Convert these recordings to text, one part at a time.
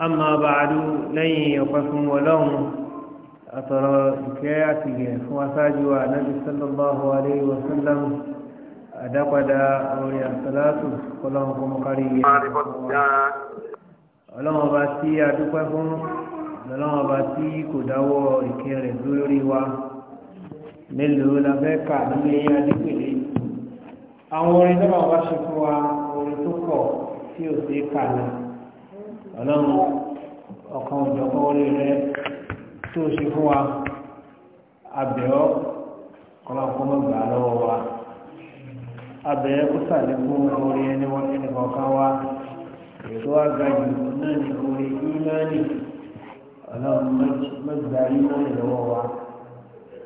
أما بعد لن يقفهم ولهم أترى إكياتي فوساجوا النبي صلى الله عليه وسلم أدقد أولي الصلاة كلهم قريبا ọlọ́run ọba tí a dúpẹ́ fún ọlọ́run ọba tí kò dáwọ́ ìkẹ́ rẹ̀ lórí wa mélòó la fẹ́ kà nílé adépèlé àwọn orin tó bá wá ṣe fún wa orin tó pọ̀ tí ò sí kà náà ọlọ́run ọ̀kan òjọ̀kan orí rẹ tó ṣe fún wa abẹ́ọ́ kọlọ́kọ́ mọ́gbà lọ́wọ́ wa abẹ́ ó sàlékún orí ẹni wọn ẹni kọ̀ọ̀kan wa ètò àgbàjù náà ní orí ìmáàlì ọlọ́run mọ́gbà ìmáàlì lọ́wọ́ wa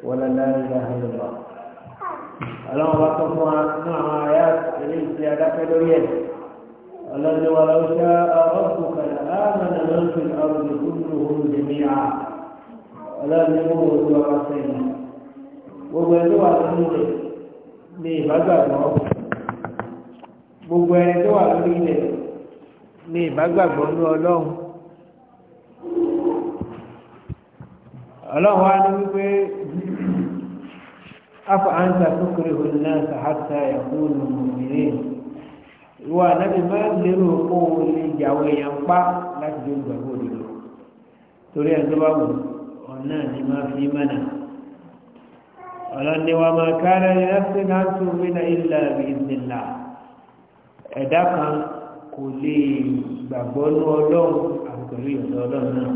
wọlé láìlá ìlọ́wọ́ ọlọ́run bá tọ́ fún wa الذي ولو شاء ربك لآمن من في الأرض كلهم جميعا الذي هو ذو العسين وبدو على ní ìbágbàgbọ́ gbogbo ẹni tó wà lórí ilẹ̀ ní ìbágbàgbọ́ ní ọlọ́run ọlọ́run wá ní wípé afa anta tukrihu an-nasa hatta yakunu mu'minin ìwọ nabi máa ń lérò kó o lè yàwó èèyàn pa láti dé ìgbàgbọ́ òdodo torí ẹ̀ tó bá wù ọ̀nà ni máa fi mánà ọlọ́ni wa máa kára ẹ̀ ẹ́sẹ̀ náà tó mínà ilẹ̀ ìdìlà ẹ̀dá kan kò lè gbàgbọ́ ní ọlọ́run àgbẹ̀rù ìlú ọlọ́run náà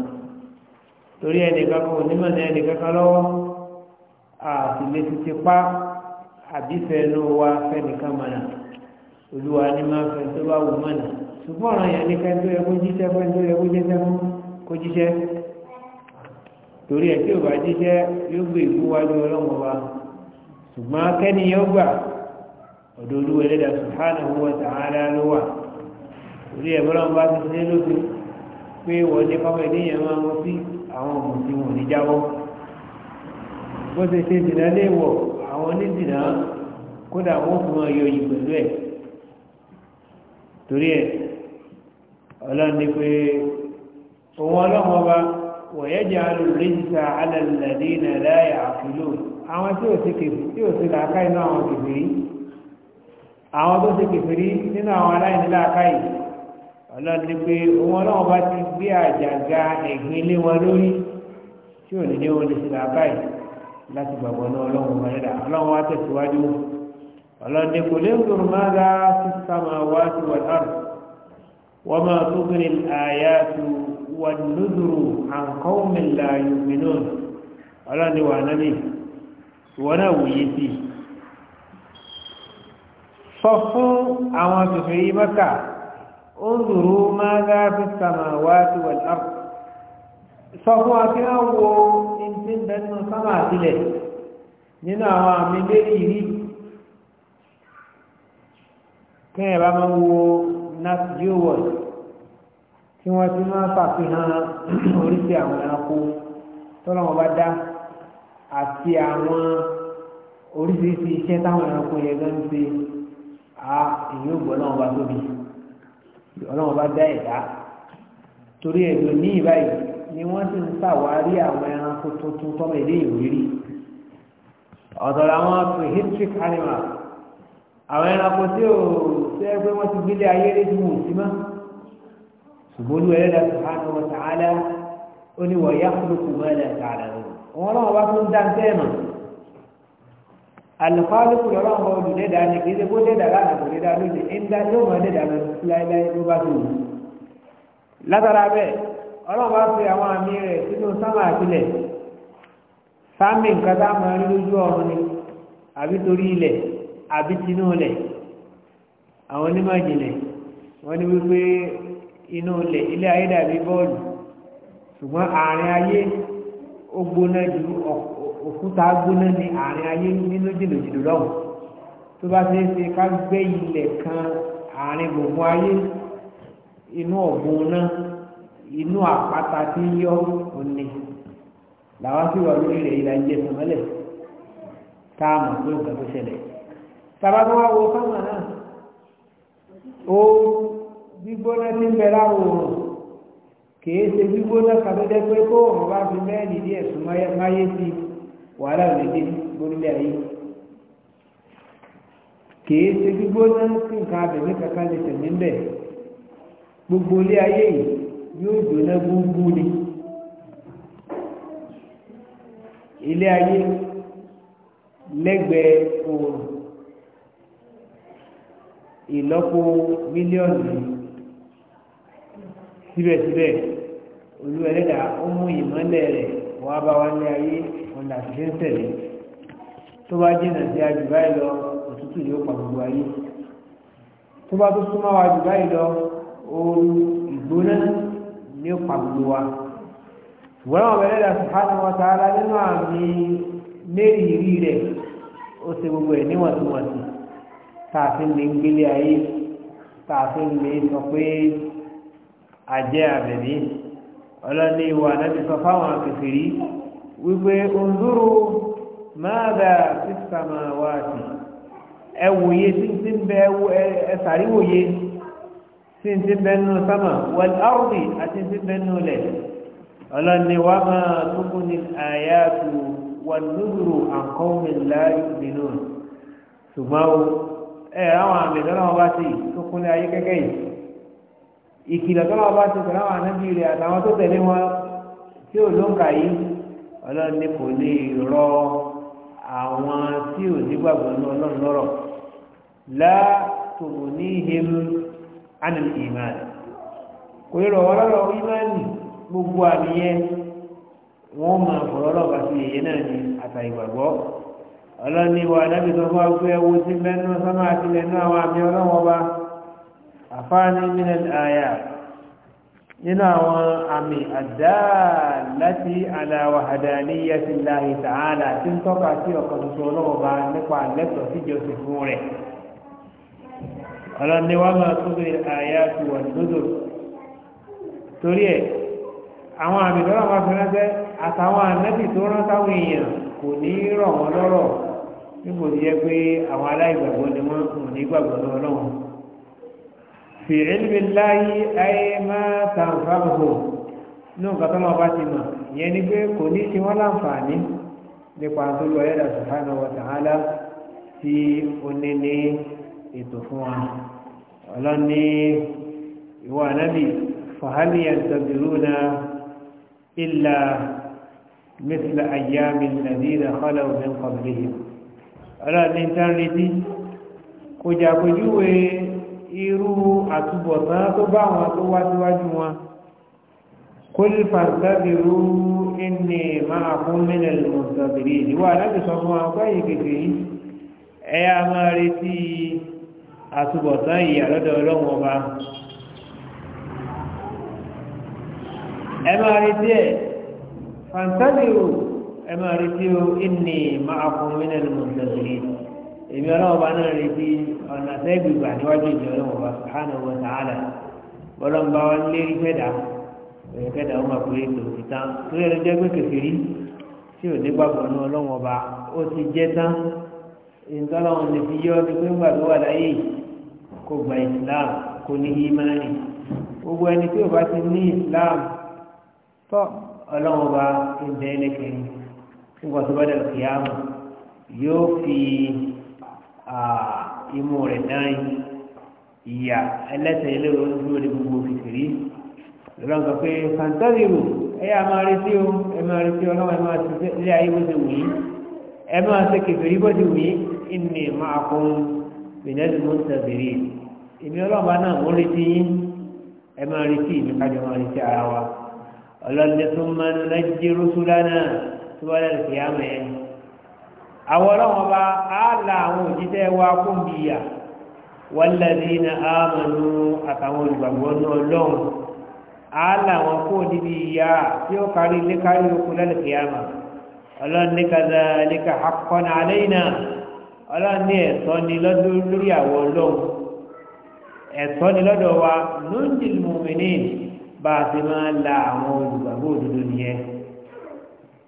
torí ẹnìkan kan onímọ̀ ní ẹnìkan kan lọ́wọ́ àti lè ti ti pa àbífẹ́ inú wa fẹ́nìkan mọ̀nà. olúwa ní máa fẹ́ tó bá wù mọ́nà ṣùgbọ́n ọ̀ràn yẹn ní fẹ́ tó yẹ kó jíṣẹ́ fẹ́ tó yẹ kó jíṣẹ́ fún kó jíṣẹ́ torí ẹ̀ tí ò bá jíṣẹ́ yóò gbé wa ṣùgbọ́n kẹ́niyàn gbà ọ̀dọ̀ olúwa ẹlẹ́dàá ló wà torí ẹ̀ bọ́lá bá ti ṣe pé wọ́n sí àwọn ọmọ tí wọ́n ní bó ṣe ṣe torí ẹ̀ ọlọ́ni pé òun ọlọ́run ọba wọ̀yẹ́jà alùrẹ́jìsà alẹ́lẹ́dẹ́ iná láyà àfìlò àwọn tí ò sí kèfì tí ò sí làákà inú àwọn kèfìrí àwọn tó sí kèfìrí nínú àwọn aláìní làákà yìí ọlọ́ni pé òun ọlọ́run ọba ti gbé àjàgà ẹ̀gbin wọn lórí tí ò ní ní wọn lè sí làákà láti gbàgbọ́ náà ọlọ́run ọba tẹ̀síwájú wọn ọlọ́dẹ kò lè rò máa ra sísàmà wá sí wàlárù wọ́n máa tó kiri àyà tó wà lódùrù àǹkọ́wọ́mìlà yòmínú ọlọ́dẹ wà nábì ìwọ náà wòye sí i sọ fún àwọn tòfin yìí mọ́kà ó ń dùrú máa ra sísàmà wá sí wàlárù sọ fún wa ní ti bẹ́ẹ̀ nínú sábà sílẹ̀ nínú àwọn àmì lérí yìí kẹ́yìn bá máa ń wo nat jewel tí wọ́n ti máa fàfihàn oríṣi àwọn ẹranko tọ́lọ́wọ́n bá dá àti àwọn oríṣiríṣi iṣẹ́ táwọn ẹranko yẹn gan ń ṣe a èyí ò gbọ́ ọlọ́wọ́n bá tóbi ọlọ́wọ́n bá dá ẹ̀dá torí ẹ̀dùn ní ìbáyìí ni wọ́n sì ń ṣàwárí àwọn ẹranko tuntun tọ́mọ èdè ìwé rí ọ̀dọ̀ làwọn prehistoric animals àwọn ẹranko tí ò sẹ́ pé wọ́n ti gbélé ayé rí fún òsì mọ́ ṣùgbọ́n olú ẹ̀rẹ́dà subhanahu wa ta'ala ó ní wọ̀ yá fún òkú mọ́lẹ̀ tààlà rẹ̀ wọn náà wá tún dá ntẹ́ mọ̀ alùpàlùkù lọ́wọ́ àwọn olùdẹ́dà ni kì í ṣe kó dẹ́dà lánàá kò dẹ́dà lóde ẹ̀ńdá yóò mọ̀ dẹ́dà lọ láéláé ló bá tó wù. látara bẹ́ẹ̀ ọlọ́run bá fi àwọn àmì rẹ̀ sínú sámà àbí tinú lẹ̀ àwọn onímọ̀ ìjìnlẹ̀ wọ́n ní wípé inú lẹ̀ ilé ayé dàbí bọ́ọ̀lù ṣùgbọ́n àárín ayé ó gbóná ju òkúta gbóná ní àárín ayé nínú jìnnàjìnnà lọ́wọ́ tó bá ṣe é ṣe ká gbé ilẹ̀ kan àárín gbogbo ayé inú ọ̀gbun náà inú àpáta tí ń yọ òní làwọn sì wà lórí rẹ̀ ìlàjẹ sọmọlẹ̀ tá a mọ̀ pé nǹkan tó ṣẹlẹ̀ tàbá tó wá wo sọ́mà náà ó gbígbóná tí ń bẹ láwọn òòrùn kìí ṣe gbígbóná kàtọ́jẹ́ pé kó òun bá fi mẹ́ẹ̀lì díẹ̀ sùn máyé sí wàhálà òdìdí lórílẹ̀ ayé kìí ṣe gbígbóná sí nǹkan abẹ̀mí kankan lè tẹ̀lé ńbẹ̀ gbogbo ilé ayé yìí yóò jóná gbúgbú ni ilé ayé lẹ́gbẹ̀ẹ́ òòrùn ìlọ́po mílíọ̀nù yìí síbẹ̀síbẹ̀ olú ẹlẹ́dà ó mú ìmọ́lẹ̀ rẹ̀ wọ́n á bá wá ní ayé ọ̀nà àtúnṣe ń tẹ̀lé tó bá jìnnà sí ajù báyìí lọ òtútù yóò pa gbogbo ayé tó bá tó súnmọ́ wa jù báyìí lọ ooru ìgbóná ní pa gbogbo wa ṣùgbọ́n àwọn ẹlẹ́dà subhanahu wa ta'ala nínú àmì mẹ́rìírí rẹ̀ ó ṣe gbogbo ẹ̀ níwọ̀ntúnwọ̀nsì tààfin lè gbélé ayé tààfin lè sọ pé àjẹ́ àbẹ̀mí ọlọ́ni ìwà nábì sọ fáwọn akẹfẹ̀rí wípé òǹdúró máàdà sísàmà wá sí ẹ wòye tí tí ń bẹ ẹ sàrí wòye tí tí ń bẹ nù sámà wal ardi àti tí ń bẹ ọlọ́ni wà máa tókùn ní àyàtù wà lóòrò àkọ́wé láàyè nínú ṣùgbọ́n ẹ àwọn àmì tọ́lá wọn bá ti tó kún ní ayé kẹ́kẹ́ yìí ìkìlọ̀ tọ́lá wọn bá ti tọ́lá wọn àná bíi àtàwọn tó tẹ̀lé wọn tí ò ló ń kà yìí ọlọ́run ní kò lè rọ àwọn tí ò nígbàgbọ́ ní ọlọ́run lọ́rọ̀ látòkò ní ìhìn ánì ọlọ́ni ìwà àdábì tó fún agbé ẹwú sí mẹ́nu sọ́nà àti ami àwọn àmì ọlọ́wọ́ bá àfáàní mílẹ̀ àyà nínú àwọn àmì àdáàláti aláwà àdáàníyà sí láàyè tààlà tí ń tọ́ka sí ọ̀kan tuntun ọlọ́wọ́ bá nípa lẹ́tọ̀ síjọsìn fún nígbò tí yẹ pé àwọn aláìgbàgbọ́ ni wọ́n kùn ní gbàgbọ́ ní ọlọ́run fi ilmi láyé ayé máa tàǹfààbò ní nǹkan tó lọ́wọ́ bá ti mọ̀ ìyẹn ni pé kò ní ṣe wọ́n láǹfààní nípa tó lọ ẹ̀dà subhanahu wa tí ó ní ní ètò fún wa ọlọ́ni ìwọ ànábì fàhálì yantabiruna illa mithla ayyami alladhina khalaw min qablihim ọlọ́ni tá ń retí kò jàpèjúwe irú àtúbọ̀tán tó bá wọn tó wá síwájú wọn kul fàtàbírú inni máa fún mílẹ̀ lọ́sọ̀bìrì ìwà láti sọ fún wọn pẹ́yì kèké yìí ẹ̀yà máa retí àtúbọ̀tán ìyà lọ́dọ̀ ọlọ́run ọba ẹ máa retí ẹ̀ fàtàbírú ẹ máa retí o ìní máa fún mi nínú mọ̀tẹ́sìrì èmi ọlọ́wọ́ bá náà retí ọ̀nà sẹ́ẹ̀bì gbà níwájú ìjọ ọlọ́wọ́ bá sàánù wọ sàánà bọ́lá ń bá wọn lé ìfẹ́dà ìfẹ́dà ó máa pèrè tó ti tán tó yẹ lọ jẹ́ pé kẹfìrí tí ò ní gbàgbọ́ ní ọlọ́wọ́ bá ó ti jẹ́ tán ìtọ́lọ́wọ́n lè fi yọ ọdún pé ńgbà wà láyé kò gba ìsìláàmù kò ní ìmánì gbogbo ẹni tí ò bá ti ní ìsìláàmù tọ́ ọlọ́wọ́ bá ìbẹ́ẹ̀lẹ́kẹ̀ẹ́ nígbà tó bá dẹ̀ kìyàmù yóò fi imú rẹ̀ dán ìyà ẹlẹ́sẹ̀ ilé ojú rẹ̀ gbogbo fìfìrí lọ́wọ́n sọ pé fantaziro ẹ yà máa retí o ẹ máa retí ọlọ́wọ́ ẹ máa ti ilé ayé bó ti wù yí ẹ máa ṣe kìfìrí bó ti wù yí ìní máa kún bìnẹ́lì mú tẹ̀sírí ìmí ọlọ́ọ̀bá náà mú retí yín ẹ máa retí ìmí kájọ máa retí ara wa ọlọ́ni tó máa ń lẹ́jẹ́ rúṣúlá náà tó wá lẹ́nu kìí àmọ̀ yẹn àwọn ọlọ́wọ́n bá á la àwọn òjíṣẹ́ wa kó ń bìyà walladhina amanu àtàwọn olùgbàgbọ́ náà lọ́hùn á la àwọn kó níbi ìyá tí ó kárí ilé kárí oko lẹ́nu kìí àmọ̀ ọlọ́run ní kadhalika haqqan alayna ọlọ́run ní ẹ̀tọ́ ni lọ́dún lórí àwọn ọlọ́run ẹ̀tọ́ ni lọ́dọ̀ wa nùndínlùmọ́mìnì bá a ti máa la àwọn olùgbàgbọ́ òdodo nìyẹn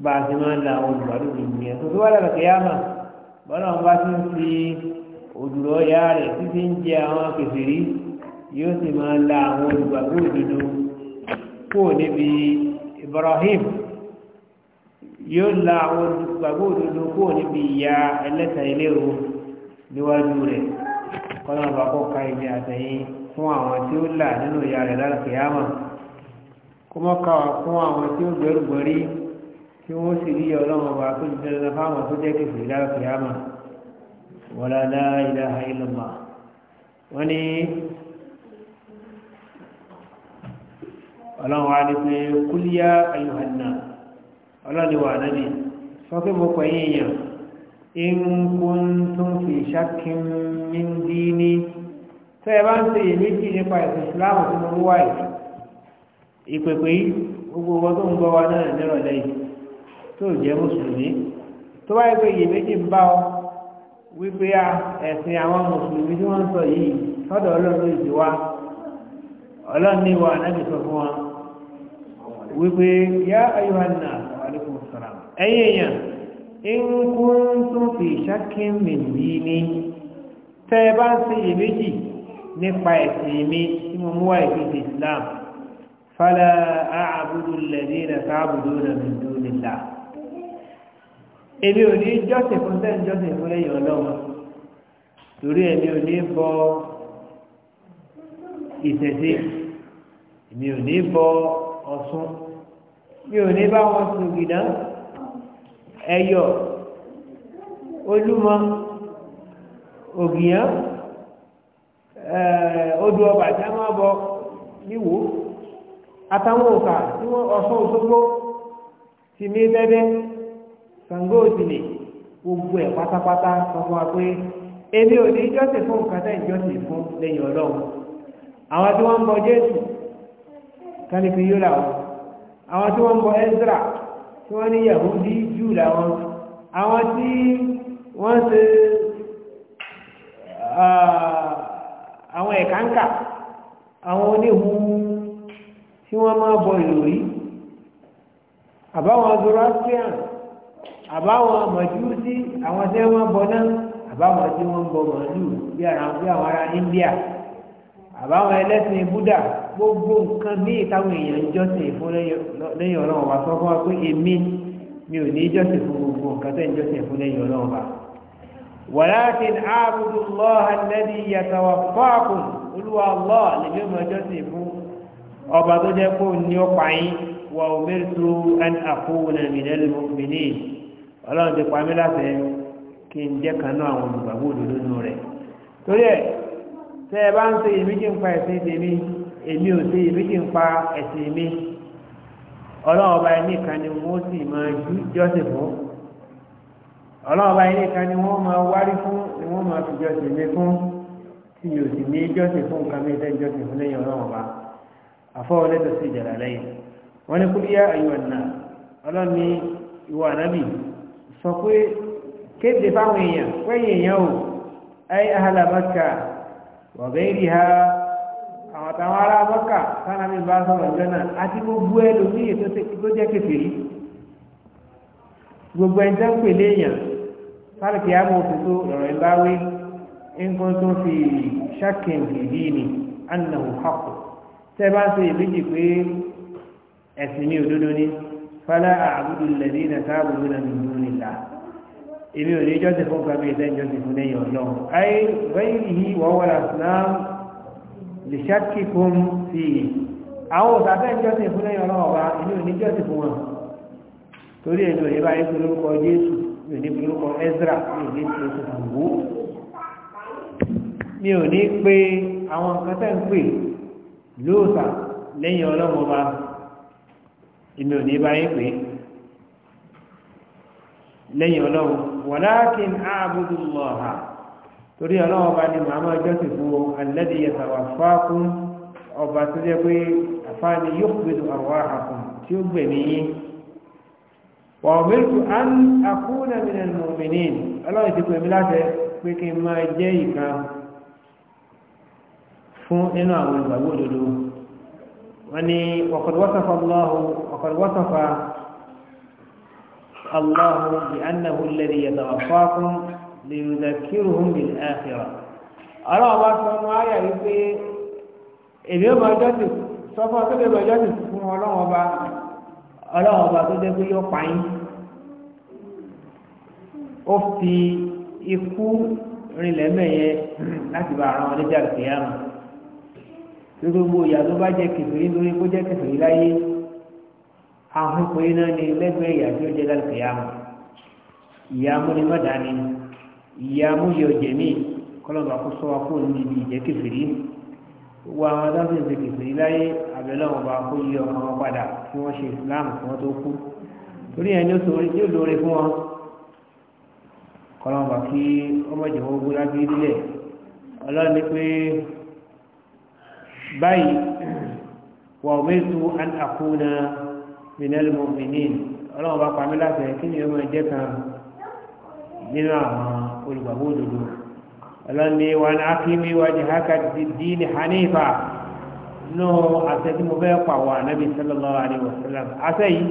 bá a ti máa ń la àwọn olùgbàlódé nìyẹn tó tó wá lára kìyàmà bọ́lá wọn bá ti ń fi òdùrọ̀ ya rẹ̀ títí ń jẹ àwọn kẹfìrí yóò sì máa la àwọn olùgbàgbọ́ òdodo kó níbi Ibrahim yóò la àwọn olùgbàgbọ́ òdodo kó níbi ìyá ẹlẹ́ta ìlérò níwájú rẹ̀ kọ́nà àbákọ́ ká ibi àtẹ̀yìn fún àwọn tí ó là nínú ìyá rẹ̀ lára kìyàmà kó mọ́ ká wà fún àwọn tí ó gbẹrùgbẹ̀rí tí wọ́n sì rí ọlọ́run ọba tó jẹ́ lọ fáwọn tó jẹ́ kéfì láàfin àmà wala la ilaha illallah wọ́n ní ọlọ́run wa ní pé kúlíyà ayọ̀hánà ọlọ́run wà nábì sọ pé mo pẹ̀ yín èèyàn in kuntum fi shakkin min dini tẹ́ ẹ bá ń ṣe èméjì nípa ẹ̀sìn ìsìláàmù tí mo wáyé ìpèpè yìí gbogbo wọn tó ń gbọ́ wa náà nírọ̀lẹ́ yìí tó jẹ́ mùsùlùmí tó bá yẹ pé iyèméjì ń bá ọ wípé ẹ̀sìn àwọn mùsùlùmí tí wọ́n ń sọ yìí sọ́dọ̀ ọlọ́run ìdí wa ọlọ́run ní ìwà ànábì sọ fún wa wípé yá ayọ̀hánà alaikum salam ẹ̀yin èèyàn in kuntum fi shakkin min dini tẹ́ ẹ bá ń ṣe iyèméjì nípa ẹ̀sìn mi tí mo mú wá ìfìdí Islam fala a'budu alladhina ta'buduna min dunillah èmi ò ní jọ́sìn fún sẹ́yìn jọ́sìn fún lẹ́yìn ọlọ́run torí èmi ò ní bọ ìṣẹ̀ṣe èmi ò ní bọ ọ̀ṣun mi ò ní bá wọn sùn gìdá ẹyọ olúmọ ògìyàn eh, odò ọba tí a máa bọ níwò àtàwọn òkà tí wọn ọ̀ṣun òṣogbo ti mí bẹ́bẹ́. Ṣàngó òdìlè gbogbo ẹ̀ pátápátá sọ fún wa pé èmi ò ní ìjọsìn fún kàtà ìjọsìn fún lẹ́yìn ọlọ́run àwọn tí wọ́n ń bọ Jésù kálífì yóò làwọn àwọn tí wọ́n ń bọ Ezra tí wọ́n ní Yahudi jù làwọn àwọn tí wọ́n ṣe àwọn ẹ̀káńkà àwọn oníhun tí wọ́n máa bọ ìròyìn àbáwọn zoroastrians àbáwọn mọ̀júsí àwọn tẹ́ wọ́n bọ náà àbáwọn tí wọ́n bọ mọ̀lú bí àwọn ará India àbáwọn ẹlẹ́sìn Buddha gbogbo nǹkan míì táwọn èèyàn ń jọ́sìn fún lẹ́yìn ọlọ́run ọba sọ fún wa pé èmi mi ò ní jọ́sìn fún gbogbo nǹkan tẹ́ ń jọ́sìn fún lẹ́yìn ọlọ́run ọba. walakin a'budu Allah alladhi yatawaffakum olúwa Allah lèmi ò jọ́sìn fún ọba tó jẹ́ kó ní ọ̀pá yín wa umirtu an akuna minal mu'minin ọlọ́run ti pa láti kí n jẹ́ kan àwọn olùgbàgbọ́ òdodo rẹ̀ torí ẹ̀ tẹ́ ẹ bá ń ṣe èmi kí n pa ẹ̀sìn tèmi èmi ò ṣe èmi kí n pa ẹ̀sìn mi ọlọ́run ọba ẹni kan ni wọ́n máa wárí fún fi jọ́sìn mi fún tí sì ní jọ́sìn fún nǹkan mi jọ́sìn fún lẹ́yìn ọlọ́run ọba àfọwọ́ lẹ́tọ̀ sí ìjàlá lẹ́yìn wọ́n ní kúlíyà ayọ̀ sọ pé kéde fáwọn èèyàn pẹ́yìn èèyàn o ayé ahàlà mọ́kà wọ̀gẹ́rì ha àwọn àtàwọn ará mọ́kà sálámi bá sọ̀rọ̀ jọ́nà àti gbogbo ẹlòmíì tó jẹ́ kékeré gbogbo ẹni tó ń pè léèyàn sálùkì àmọ́ òtútù lọ́rọ̀ ẹ̀ bá nǹkan tó fi ṣàkíyàn kìdí ni annahu haqq tẹ́ bá ń ṣe ìbejì pé ẹ̀sìn mi òdodo ni fala a'budu alladhina ta'buduna min dunillah èmi ò ní jọ́sìn fún kàmí ìtẹ́ jọ́sìn fún lẹ́yìn ọlọ́run ayé bẹ́yìí wọ́wọ́lá islam lè ṣàkíkún sí i àwọn òṣàfẹ́ jọ́sìn fún lẹ́yìn ọlọ́run ọba èmi ò fún wọn torí èmi ò ní bá yín pé lẹ́yìn ọlọ́run wàlákin ààbùdù lọ́ha torí ọlọ́run bá ní màmá jọ́sìn fún alẹ́dí yẹtàwà fákún ọba tó jẹ́ pé àfáàní yóò gbèdù àwọn àkùn tí ó gbẹ̀mí yín wà ọ̀mẹ́tù án àkúnà mìíràn mọ̀mìnì ọlọ́run ti pèmí láti pé kí n máa jẹ́ ìkan fún nínú àwọn ìgbàgbọ́ òdodo وني وقد وصف الله وقد وصف الله بأنه الذي يتوفاكم ليذكرهم بالآخرة أرى الله سبحانه وتعالى يقول إذا ما جاتك sọfọ tó lè lọ́jọ́ ti fún ọlọ́wọ́n ọba ọlọ́wọ́n ọba tó jẹ́ pé yóò pa yín ó fi ikú rinlẹ̀ mẹ́yẹ láti bá ara wọn lé jáde kìí gbogbo ìyá tó bá jẹ kẹfìrí lórí kó jẹ kẹfìrí láyé àwọn pé náà ni lẹ́gbẹ̀ẹ́ ìyá tí ó jẹ láti yàmù ìyá múni má dání ìyá múyẹ ọjẹ míì kọlọmọ kó sọ wa kó níbi ìjẹ kẹfìrí gbogbo àwọn adájọ́ ìṣe kẹfìrí láyé abẹ́lẹ́ wọn bá kó yí ọkàn wọn padà kí wọ́n ṣe islam kí wọ́n tó kú torí ẹni yóò lóore fún wọn kọlọmọ kí ọmọ ìjọba ogun lábí nílẹ̀ ọlọ́run ní pé báyìí wà umirtu an akuna minal mu'minin ọlọ́run bá pa mí láti ẹ̀ kí ni ọmọ ẹ̀jẹ̀ kan nínú àwọn olùgbàgbọ́ òdodo ọlọ́run ni wà ní akimi wajhaka lid-dini hanifa nù àṣẹ tí mo fẹ́ pàwọ́ ànábì sallallahu alaihi wasallam àṣẹ yìí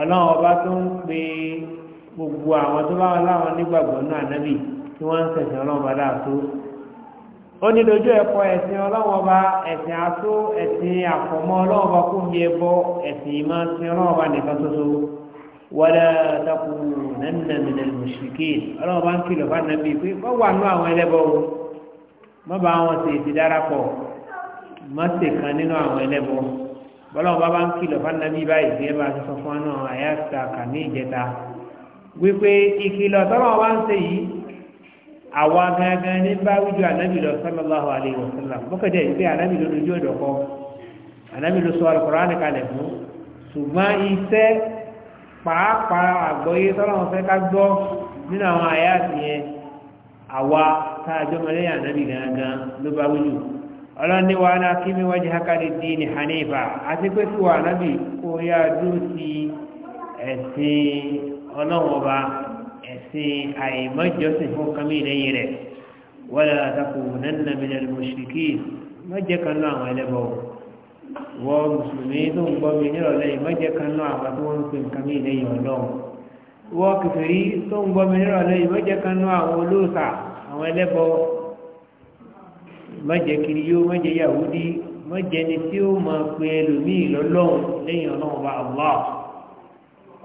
ọlọ́run ọba tó ń pe gbogbo àwọn tó bá wọn láwọn nígbàgbọ́ náà ànábì tí wọ́n ń ṣẹ̀sìn ọlọ́run bá dáa tó ó ní lójú ẹ̀kọ́ ẹ̀sìn ọlọ́wọ́ bá ẹ̀sìn asó ẹ̀sìn àfọ̀mọ́ ọlọ́wọ́ bá kó bí ẹbọ ẹ̀sìn ìmọ̀ sin ọlọ́wọ́ bá nìkan ṣoṣo wọlé takù nánà mùsùlùkì ọlọ́wọ́ ń kìlọ̀ bá nàbí pé wọ́n wà nú àwọn ẹlẹ́bọ o má bá wọn ṣe ti darapọ̀ má kan nínú àwọn ẹlẹ́bọ ọlọ́wọ́ bá ń kìlọ̀ fún wọn náà awa gangan ní ba wíjọ ànábì lọ sallallahu alayhi wa sallam bókèdè ìgbé ànábì ló lójú ọ̀dọ̀ kọ ànábì ló sọ Al-Qur'an kalẹ̀ fún ṣùgbọ́n iṣẹ́ pàápàá àgbọ́yé tọ́lọ́wọ́n fẹ́ ká gbọ́ nínú àwọn àyà àtìyẹn àwa tá a jọmọ lẹ́yìn ànábì gangan ló bá wíjọ ni wa náà kí mi ẹ̀sìn àìmọ́jọ́sìn fún kàmí ìlẹ́yìn rẹ̀ wala takunanna minal mushrikin mọ́jẹ́ kan náà àwọn ẹlẹ́bọ̀ wọ mùsùlùmí tó ń gbọ́ mi nírọ̀lẹ́ yìí mọ́jẹ́ kan náà àwọn tó ń pè kàmí ìlẹ́yìn ọlọ́run wọ kèfèrí tó ń gbọ́ mi nírọ̀lẹ́ yìí mọ́jẹ́ kan náà àwọn olóòṣà àwọn ẹlẹ́bọ̀ mọ́jẹ́ yóò mọ́jẹ́ yahudi mọ́jẹ́ ni tí ó máa pe ẹlòmíì lẹ́yìn ọlọ́run bá Allah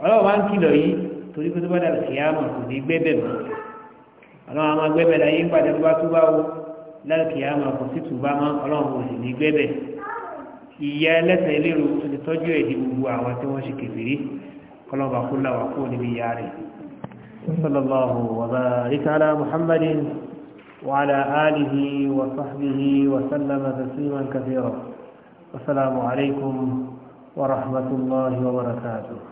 ọlọ́run torí pé tó bá dàbí kìí àmọ̀ kò ní gbẹ́bẹ̀ mọ́ ọlọ́run àmọ́ gbẹ́bẹ̀ láyé ń padà tó bá tó bá wo láti kìí àmọ̀ kò sí tù bá mọ́ ọlọ́run kò sì ní gbẹ́bẹ̀ ìyá ẹlẹ́sẹ̀ eléru tó ti tọ́jú èdè gbogbo àwọn tí wọ́n ṣe kèfèrí kọlọ́ba kó làwà kó níbi ìyá rẹ̀ sallallahu wa barika ala muhammadin alihi wa sahbihi wa sallama tasliman kathira wasalaamu alaykum wa rahmatullahi wa barakatuh